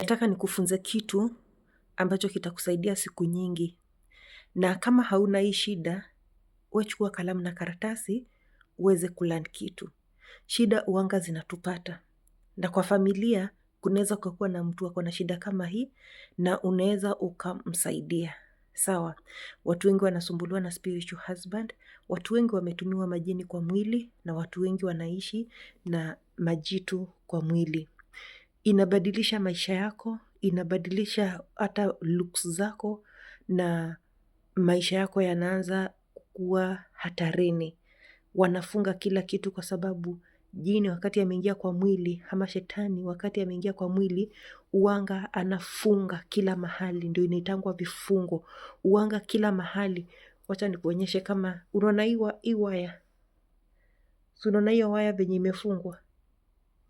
Nataka nikufunze kitu ambacho kitakusaidia siku nyingi. Na kama hauna hii shida, we chukua kalamu na karatasi, uweze kulearn kitu. Shida uanga zinatupata. Na kwa familia, kunaweza ukakuwa na mtu ako na shida kama hii na unaweza ukamsaidia. Sawa, watu wengi wanasumbuliwa na spiritual husband, watu wengi wametumiwa majini kwa mwili na watu wengi wanaishi na majitu kwa mwili inabadilisha maisha yako, inabadilisha hata looks zako na maisha yako yanaanza kuwa hatarini. Wanafunga kila kitu kwa sababu jini wakati ameingia kwa mwili ama shetani wakati ameingia kwa mwili uwanga anafunga kila mahali ndio inaitangwa vifungo uwanga kila mahali wacha nikuonyeshe kama unaona hii waya si unaona hiyo waya venye imefungwa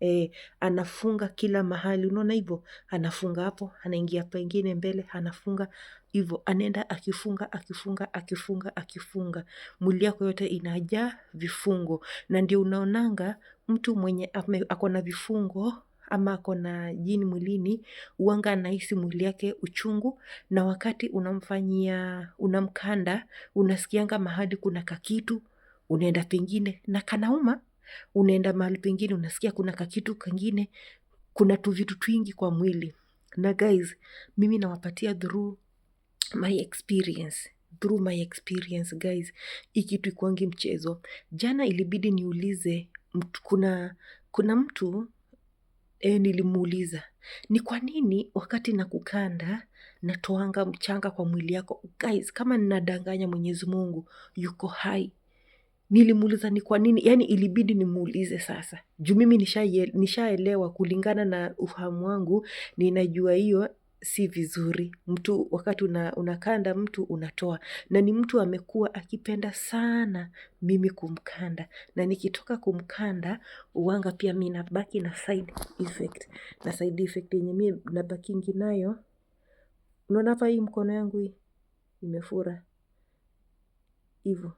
e, anafunga kila mahali, unaona hivyo, anafunga hapo, anaingia pengine mbele, anafunga hivyo, anaenda akifunga akifunga akifunga akifunga, mwili yako yote inajaa vifungo, na ndio unaonanga mtu mwenye ako na vifungo ama ako na jini mwilini, uanga anahisi mwili yake uchungu, na wakati unamfanyia unamkanda, unasikianga mahali kuna kakitu, unaenda pengine na kanauma unaenda mahali pengine unasikia kuna kakitu kangine kuna tuvitu twingi kwa mwili na guys mimi nawapatia through my experience through my experience guys hii kitu ikwangi mchezo jana ilibidi niulize mtu, kuna kuna mtu e, nilimuuliza ni kwa nini wakati na kukanda natoanga mchanga kwa mwili yako guys kama ninadanganya mwenyezi mungu yuko hai nilimuuliza ni kwa nini, yani ilibidi nimuulize sasa juu mimi nishaelewa, nisha kulingana na ufahamu wangu, ninajua hiyo si vizuri. Mtu wakati una, unakanda mtu unatoa, na ni mtu amekuwa akipenda sana mimi kumkanda, na nikitoka kumkanda uwanga pia mi nabaki na side effect, na side effect yenye mi nabakingi nayo, unaona hapa, hii mkono yangu hii imefura hivo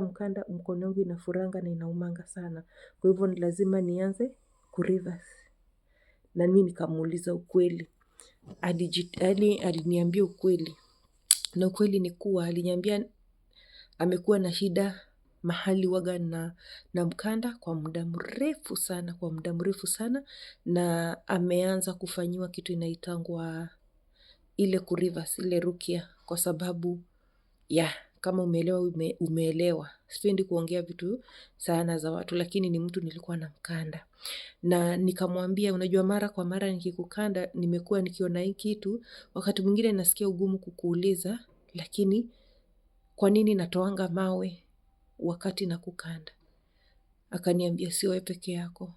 mkanda mkono yangu inafuranga na inaumanga sana. Kwa hivyo ni lazima nianze kureverse. Na mimi nikamuuliza ukweli. Yaani aliniambia ukweli. Na ukweli ni kuwa aliniambia amekuwa na shida mahali waga na mkanda kwa muda mrefu sana kwa muda mrefu sana na ameanza kufanyiwa kitu inaitangwa ile kureverse ile rukia kwa sababu ya kama umeelewa ume, umeelewa. Sipendi kuongea vitu sana za watu, lakini ni mtu nilikuwa namkanda na nikamwambia, unajua, mara kwa mara nikikukanda nimekuwa nikiona hii kitu, wakati mwingine nasikia ugumu kukuuliza, lakini kwa nini natoanga mawe wakati nakukanda? Akaniambia, sio wewe peke yako,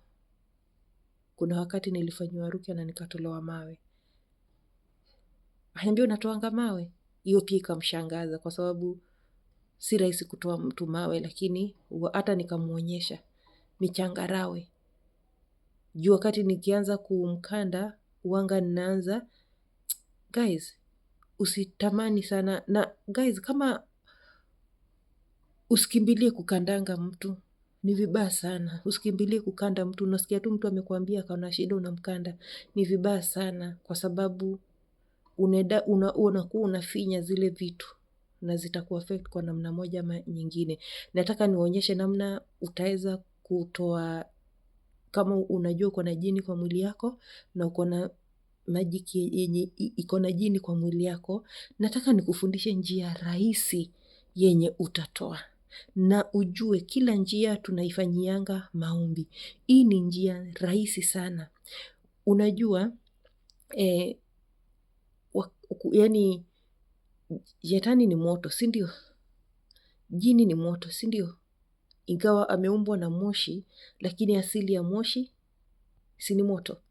kuna wakati nilifanyiwa rukia na nikatolewa mawe. Akaniambia, unatoanga mawe? Hiyo pia ikamshangaza kwa sababu si rahisi kutoa mtu mawe, lakini hata nikamwonyesha michangarawe juu wakati nikianza kumkanda wanga ninaanza guys, usitamani sana na guys, kama usikimbilie kukandanga mtu ni vibaya sana. Usikimbilie kukanda mtu, unasikia tu mtu amekwambia akaona shida, unamkanda ni vibaya sana, kwa sababu unakuwa unafinya zile vitu na zitakuaffect kwa namna moja ama nyingine. Nataka nionyeshe namna utaweza kutoa kama unajua uko na jini kwa mwili yako na uko na majiki yenye iko na jini kwa mwili yako, nataka nikufundishe njia rahisi yenye utatoa na ujue kila njia tunaifanyianga maombi. Hii ni njia rahisi sana. Unajua eh, yani Jetani ni moto, si ndio? Jini ni moto, si ndio? Ingawa ameumbwa na moshi, lakini asili ya moshi si ni moto.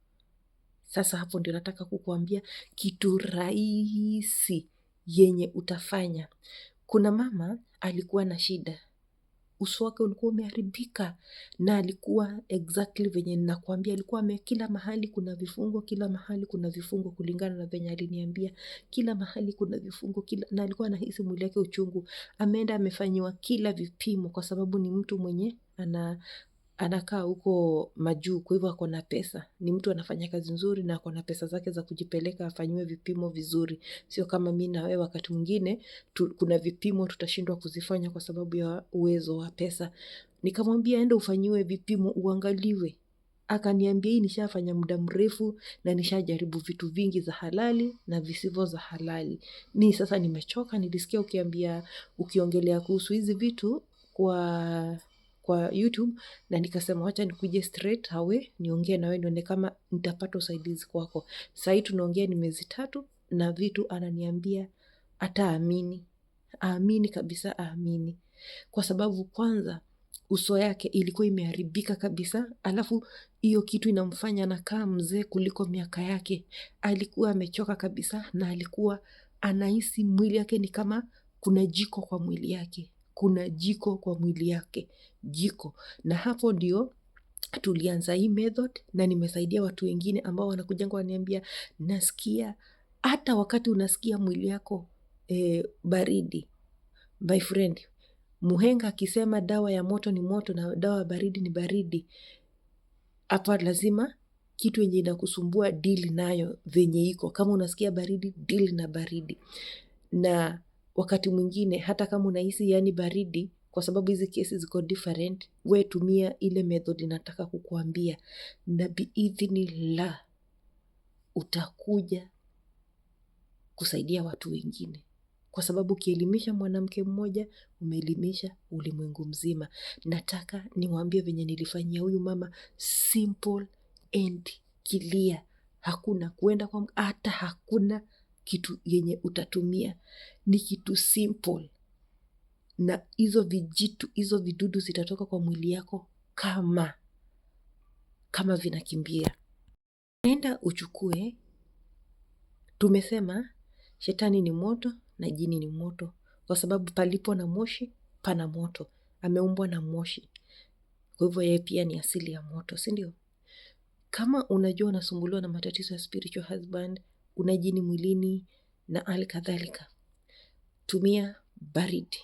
Sasa hapo ndio nataka kukuambia kitu rahisi yenye utafanya. Kuna mama alikuwa na shida uso wake ulikuwa umeharibika na alikuwa exactly venye ninakwambia, alikuwa ame, kila mahali kuna vifungo, kila mahali kuna vifungo, kulingana na venye aliniambia, kila mahali kuna vifungo kila, na alikuwa anahisi mwili wake uchungu. Ameenda amefanyiwa kila vipimo, kwa sababu ni mtu mwenye ana anakaa huko majuu, kwa hivyo ako na pesa. Ni mtu anafanya kazi nzuri na ako na pesa zake za kujipeleka afanyiwe vipimo vizuri, sio kama mi na wewe. Wakati mwingine tu, kuna vipimo tutashindwa kuzifanya kwa sababu ya uwezo wa pesa. Nikamwambia enda ufanyiwe vipimo, uangaliwe. Akaniambia hii nishafanya muda mrefu na nishajaribu vitu vingi za halali na visivyo za halali, ni sasa nimechoka. Nilisikia ukiambia ukiongelea kuhusu hizi vitu kwa kwa YouTube na nikasema wacha nikuje straight hawe niongee na wewe nione kama nitapata usaidizi kwako. Sasa hii tunaongea ni miezi tatu na vitu ananiambia ataamini, aamini kabisa, aamini kwa sababu kwanza uso yake ilikuwa imeharibika kabisa, alafu hiyo kitu inamfanya kaa mzee kuliko miaka yake. Alikuwa amechoka kabisa, na alikuwa anahisi mwili yake ni kama kuna jiko kwa mwili yake kuna jiko kwa mwili yake, jiko. Na hapo ndio tulianza hii method, na nimesaidia watu wengine ambao wanakujanga waniambia, nasikia hata wakati unasikia mwili yako e, baridi, my friend, muhenga akisema dawa ya moto ni moto na dawa ya baridi ni baridi, hapa lazima kitu yenye inakusumbua dili nayo venye iko. Kama unasikia baridi, dili na baridi na wakati mwingine hata kama unahisi yani baridi, kwa sababu hizi kesi ziko different, we tumia ile method nataka kukuambia, na la utakuja kusaidia watu wengine, kwa sababu ukielimisha mwanamke mmoja umeelimisha ulimwengu mzima. Nataka niwaambie venye nilifanyia huyu mama, simple and clear. Hakuna kuenda kwa hata hakuna kitu yenye utatumia ni kitu simple, na hizo vijitu hizo vidudu zitatoka kwa mwili yako kama kama vinakimbia. Nenda uchukue. Tumesema shetani ni moto na jini ni moto, kwa sababu palipo na moshi pana moto. Ameumbwa na moshi, kwa hivyo yeye pia ni asili ya moto, si ndio? Kama unajua unasumbuliwa na matatizo ya spiritual husband, unajini mwilini na hali kadhalika. Tumia baridi.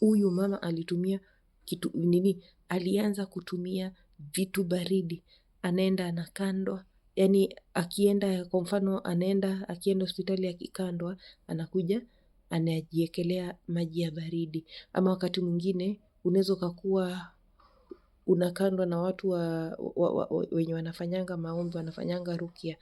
Huyu mama alitumia kitu nini, alianza kutumia vitu baridi, anaenda anakandwa yani akienda kwa mfano, anaenda akienda hospitali akikandwa, anakuja anajiekelea maji ya baridi. Ama wakati mwingine unaweza ukakuwa unakandwa na watu wa, wa, wa, wenye wanafanyanga maombi wanafanyanga rukia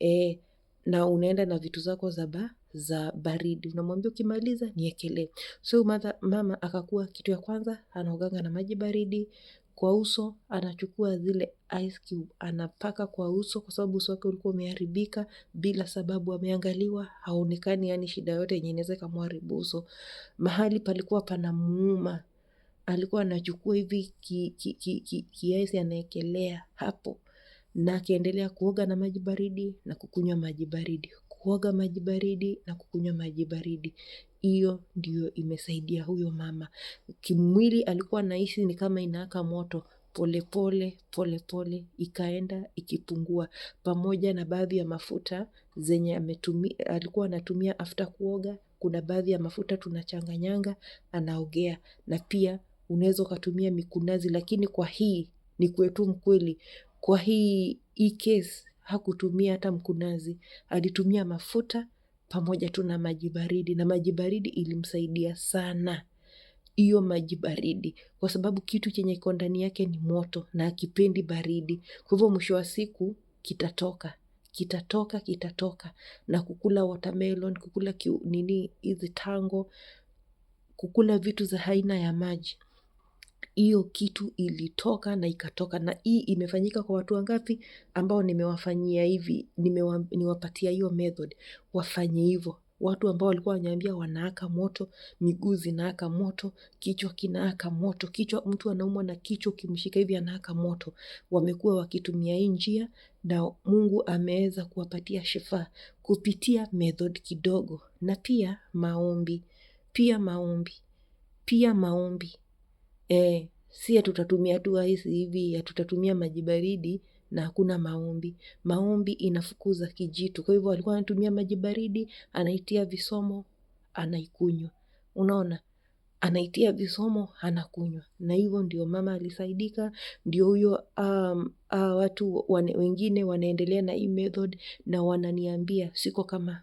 e, na unaenda na vitu zako za, ba, za baridi, unamwambia ukimaliza niekelee. So mother, mama akakuwa kitu ya kwanza anaoganga na maji baridi kwa uso, anachukua zile ice cube anapaka kwa uso, kwa sababu uso wake ulikuwa umeharibika bila sababu, ameangaliwa haonekani, yani shida yote yenye inaweza ikamharibu uso. Mahali palikuwa pana muuma, alikuwa anachukua hivi kiaisi ki, ki, ki, ki, anaekelea hapo na akiendelea kuoga na maji baridi na kukunywa maji baridi, kuoga maji baridi na kukunywa maji baridi. Hiyo ndiyo imesaidia huyo mama. Kimwili alikuwa anahisi ni kama inaaka moto, polepole polepole pole, ikaenda ikipungua, pamoja na baadhi ya mafuta zenye ametumia, alikuwa anatumia afta kuoga. Kuna baadhi ya mafuta tunachanganyanga anaogea, na pia unaweza ukatumia mikunazi, lakini kwa hii ni kwetu mkweli kwa hii hii case hakutumia hata mkunazi, alitumia mafuta pamoja tu na maji baridi, na maji baridi ilimsaidia sana hiyo maji baridi, kwa sababu kitu chenye iko ndani yake ni moto na akipendi baridi. Kwa hivyo mwisho wa siku kitatoka kitatoka kitatoka, na kukula watermelon, kukula nini hizi tango, kukula vitu za aina ya maji hiyo kitu ilitoka na ikatoka. Na hii imefanyika kwa watu wangapi ambao nimewafanyia hivi, nimewa, niwapatia hiyo method, wafanye hivyo watu ambao walikuwa wananiambia wanaaka moto, miguu zinaaka moto, kichwa kinaaka moto, kichwa mtu anaumwa na kichwa, ukimshika hivi anaaka moto. Wamekuwa wakitumia hii njia na Mungu ameweza kuwapatia shifa kupitia method kidogo, na pia maombi, pia maombi, pia maombi e, si hatutatumia tu aisi hivi, hatutatumia maji baridi na hakuna maombi. Maombi inafukuza kijitu. Kwa hivyo alikuwa anatumia maji baridi, anaitia visomo, anaikunywa. Unaona, anaitia visomo, anakunywa. Na hivyo ndio mama alisaidika, ndio huyo um, uh, watu wane, wengine wanaendelea na hii method na wananiambia siko kama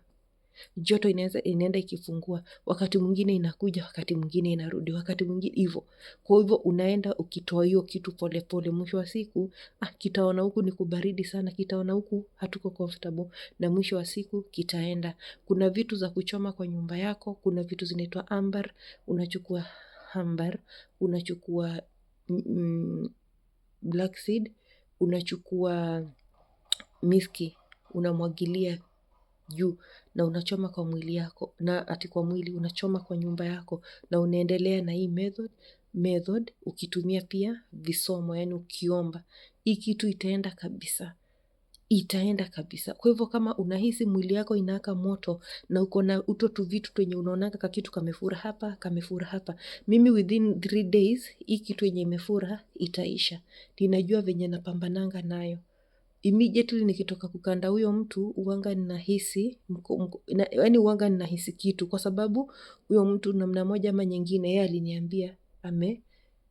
joto inaweza inaenda ikifungua, wakati mwingine inakuja, wakati mwingine inarudi, wakati mwingine hivyo. Kwa hivyo unaenda ukitoa hiyo kitu polepole, mwisho wa siku ah, kitaona huku ni kubaridi sana, kitaona huku hatuko comfortable, na mwisho wa siku kitaenda. Kuna vitu za kuchoma kwa nyumba yako, kuna vitu zinaitwa ambar, unachukua ambar, unachukua mm, black seed, unachukua miski unamwagilia juu na unachoma kwa mwili yako na ati kwa mwili unachoma kwa nyumba yako na unaendelea na hii method method ukitumia pia visomo, yani ukiomba hii kitu itaenda kabisa, itaenda kabisa. Kwa hivyo kama unahisi mwili yako inaaka moto na uko na uto tu vitu twenye unaonanga ka kitu kamefura hapa kamefura hapa, mimi within three days hii kitu yenye imefura itaisha. Ninajua venye napambananga nayo immediately nikitoka kukanda huyo mtu uanga ninahisi yaani uanga ninahisi kitu, kwa sababu huyo mtu namna moja ama nyingine yeye aliniambia ame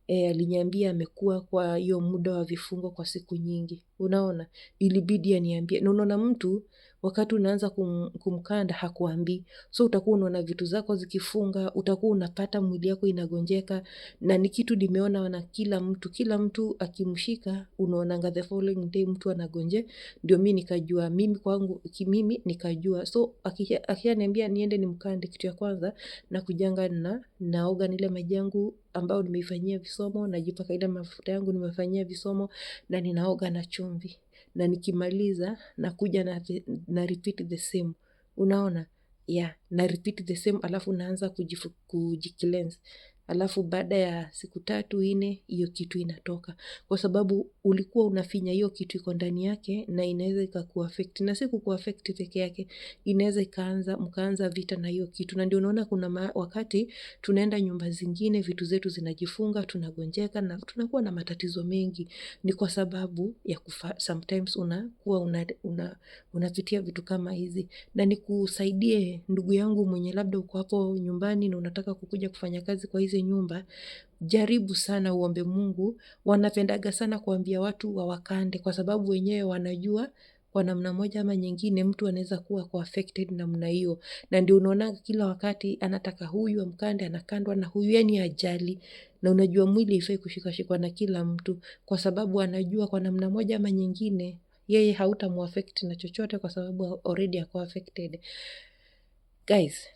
e, aliniambia amekuwa kwa hiyo muda wa vifungo kwa siku nyingi. Unaona, ilibidi aniambie. Na unaona mtu wakati unaanza kum, kumkanda hakuambii, so utakuwa unaona vitu zako zikifunga, utakuwa unapata mwili yako inagonjeka, na ni kitu nimeona na kila mtu, kila mtu akimshika, unaonanga the following day mtu anagonje, ndio mi nikajua mimi kwangu kimimi nikajua. So akishaniambia niende nimkande, kitu ya kwanza na kujanga na naoga nile maji yangu ambayo nimeifanyia visomo, najipaka ile mafuta yangu nimefanyia visomo, na ninaoga na chumvi chumvi na nikimaliza nakuja na, na repeat the same unaona ya yeah, na repeat the same alafu naanza kujifu, kujikilenzi alafu baada ya siku tatu ine hiyo kitu inatoka, kwa sababu ulikuwa unafinya hiyo kitu iko ndani yake, na inaweza ikakuafekti, na si kukuafekti peke yake, inaweza ikaanza mkaanza vita na hiyo kitu. Na ndio unaona kuna ma, wakati tunaenda nyumba zingine, vitu zetu zinajifunga, tunagonjeka na tunakuwa na matatizo mengi, ni kwa sababu ya kufa, sometimes unakuwa unapitia una, una vitu kama hizi, na nikusaidie ndugu yangu mwenye labda uko hapo nyumbani na unataka kukuja kufanya kazi kwa hizi hizi nyumba, jaribu sana uombe Mungu. Wanapendaga sana kuambia watu wawakande, kwa sababu wenyewe wanajua kwa namna moja ama nyingine mtu anaweza kuwa kwa affected namna hiyo, na ndio unaonanga kila wakati anataka huyu amkande, anakandwa na huyu, yani ajali. Na unajua mwili haifai kushikashikwa na kila mtu, kwa sababu anajua kwa namna moja ama nyingine yeye hautamuaffect na chochote, kwa sababu already ako affected. Guys,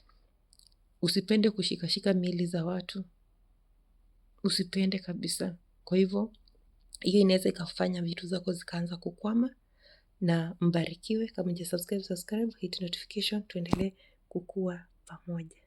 Usipende kushikashika mili za watu, usipende kabisa. Kwa hivyo hiyo inaweza ikafanya vitu zako zikaanza kukwama. Na mbarikiwe, kama je subscribe, subscribe, hit notification, tuendelee kukua pamoja.